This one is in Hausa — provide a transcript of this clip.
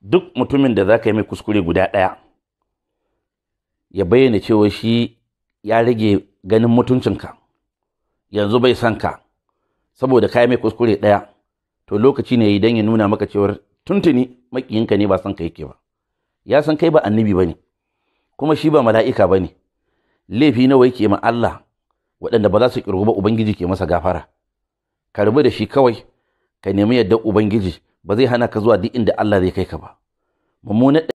duk mutumin da za ka yi mai kuskure guda ɗaya ya bayyana cewa shi ya rage ganin mutuncinka yanzu bai san ka saboda ka yi mai kuskure ɗaya to lokaci ne idan ya nuna maka cewar tuntuni makiyinka ne ba san ka yake ba ya san kai ba annabi ba ne kuma shi ba mala'ika ba ne laifi nawa yake ma Allah waɗanda ba za su ƙirgu ba Ubangiji ke masa gafara ka rubu da shi kawai ka nemi yadda Ubangiji ba zai hana ka zuwa duk inda Allah zai kai ka ba mummunan